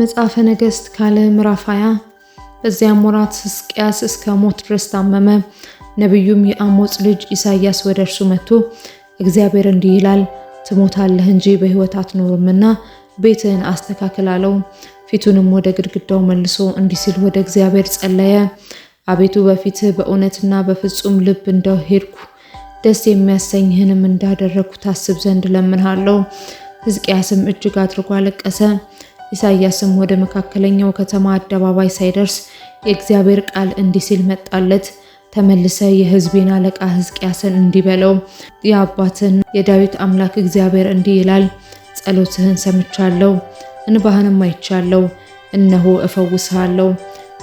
መጽሐፈ ነገሥት ካለ ምዕራፍ 20 በዚያም ወራት ሕዝቅያስ እስከ ሞት ድረስ ታመመ። ነቢዩም የአሞጽ ልጅ ኢሳያስ ወደ እርሱ መጥቶ እግዚአብሔር እንዲህ ይላል፣ ትሞታለህ እንጂ በሕይወት አትኖርምና ቤትህን አስተካክል አለው። ፊቱንም ወደ ግድግዳው መልሶ እንዲህ ሲል ወደ እግዚአብሔር ጸለየ። አቤቱ በፊትህ በእውነትና በፍጹም ልብ እንደሄድኩ ደስ የሚያሰኝህንም እንዳደረግኩ ታስብ ዘንድ እለምንሃለሁ። ሕዝቅያስም እጅግ አድርጎ አለቀሰ። ኢሳያስም ወደ መካከለኛው ከተማ አደባባይ ሳይደርስ የእግዚአብሔር ቃል እንዲህ ሲል መጣለት፣ ተመልሰ የሕዝቤን አለቃ ሕዝቅያስን እንዲበለው የአባትን የዳዊት አምላክ እግዚአብሔር እንዲህ ይላል፣ ጸሎትህን ሰምቻለሁ፣ እንባህንም አይቻለሁ፣ እነሆ እፈውስሃለሁ።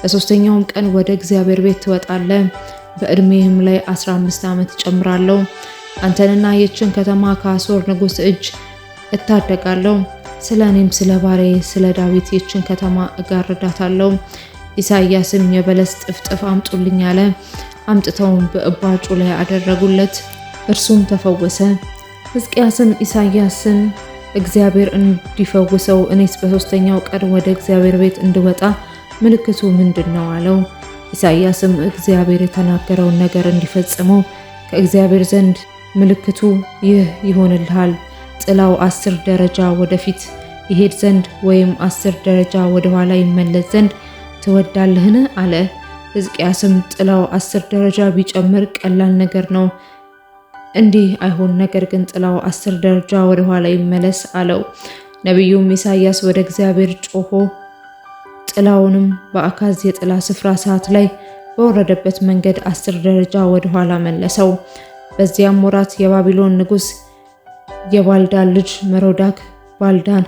በሶስተኛውም ቀን ወደ እግዚአብሔር ቤት ትወጣለ፣ በዕድሜህም ላይ 15 ዓመት እጨምራለሁ። አንተንና የችን ከተማ ከአሦር ንጉሥ እጅ እታደጋለሁ ስለ እኔም ስለ ባሬ ስለ ዳዊት ይችን ከተማ እጋርዳታለሁ። ኢሳያስም የበለስ ጥፍጥፍ አምጡልኝ አለ። አምጥተውም በእባጩ ላይ አደረጉለት፣ እርሱም ተፈወሰ። ሕዝቅያስም ኢሳያስን እግዚአብሔር እንዲፈውሰው እኔስ በሶስተኛው ቀን ወደ እግዚአብሔር ቤት እንድወጣ ምልክቱ ምንድን ነው አለው። ኢሳያስም እግዚአብሔር የተናገረውን ነገር እንዲፈጽመው ከእግዚአብሔር ዘንድ ምልክቱ ይህ ይሆንልሃል ጥላው አስር ደረጃ ወደፊት ይሄድ ዘንድ ወይም አስር ደረጃ ወደ ኋላ ይመለስ ዘንድ ትወዳለህን? አለ። ሕዝቅያስም ጥላው አስር ደረጃ ቢጨምር ቀላል ነገር ነው፣ እንዲህ አይሆን፣ ነገር ግን ጥላው አስር ደረጃ ወደ ኋላ ይመለስ አለው። ነቢዩም ኢሳያስ ወደ እግዚአብሔር ጮሆ ጥላውንም በአካዝ የጥላ ስፍራ ሰዓት ላይ በወረደበት መንገድ አስር ደረጃ ወደ ኋላ መለሰው። በዚያም ወራት የባቢሎን ንጉሥ የባልዳን ልጅ መሮዳክ ባልዳን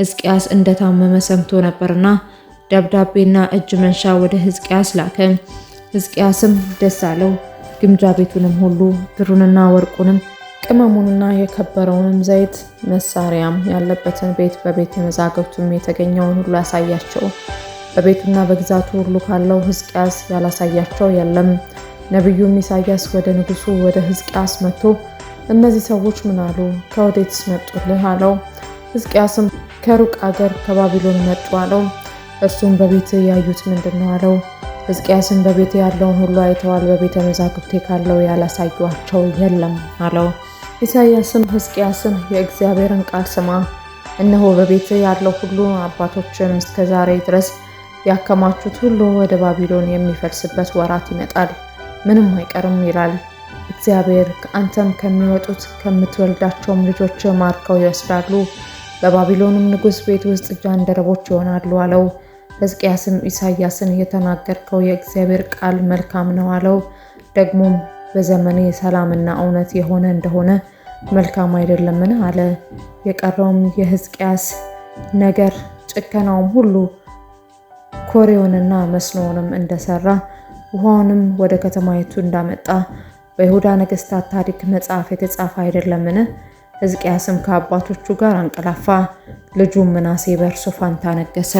ህዝቅያስ እንደታመመ ሰምቶ ነበርና ደብዳቤና እጅ መንሻ ወደ ህዝቅያስ ላከ። ህዝቅያስም ደስ አለው። ግምጃ ቤቱንም ሁሉ ብሩንና ወርቁንም ቅመሙንና የከበረውንም ዘይት መሳሪያም ያለበትን ቤት በቤተ መዛግብቱም የተገኘውን ሁሉ ያሳያቸው። በቤቱና በግዛቱ ሁሉ ካለው ህዝቅያስ ያላሳያቸው የለም። ነቢዩም ኢሳያስ ወደ ንጉሱ ወደ ህዝቅያስ መጥቶ እነዚህ ሰዎች ምን አሉ? ከወዴትስ መጡልህ? አለው። ሕዝቅያስም ከሩቅ አገር ከባቢሎን መጡ አለው። እርሱም በቤት ያዩት ምንድን ነው አለው። ሕዝቅያስም በቤት ያለውን ሁሉ አይተዋል፣ በቤተ መዛግብቴ ካለው ያላሳዩቸው የለም አለው። ኢሳያስም ሕዝቅያስን የእግዚአብሔርን ቃል ስማ፣ እነሆ በቤት ያለው ሁሉ አባቶችም እስከ ዛሬ ድረስ ያከማቹት ሁሉ ወደ ባቢሎን የሚፈልስበት ወራት ይመጣል፣ ምንም አይቀርም ይላል እግዚአብሔር ከአንተም ከሚወጡት ከምትወልዳቸውም ልጆች ማርከው ይወስዳሉ፣ በባቢሎንም ንጉሥ ቤት ውስጥ ጃንደረቦች ይሆናሉ አለው። ሕዝቅያስም ኢሳያስን የተናገርከው የእግዚአብሔር ቃል መልካም ነው አለው። ደግሞም በዘመኔ ሰላምና እውነት የሆነ እንደሆነ መልካም አይደለምን አለ። የቀረውም የሕዝቅያስ ነገር ጭከናውም ሁሉ ኮሬውንና መስኖውንም እንደሰራ ውሃውንም ወደ ከተማይቱ እንዳመጣ በይሁዳ ነገስታት ታሪክ መጽሐፍ የተጻፈ አይደለምን? ሕዝቅያስም ከአባቶቹ ጋር አንቀላፋ፣ ልጁም ምናሴ በእርሱ ፋንታ ነገሰ።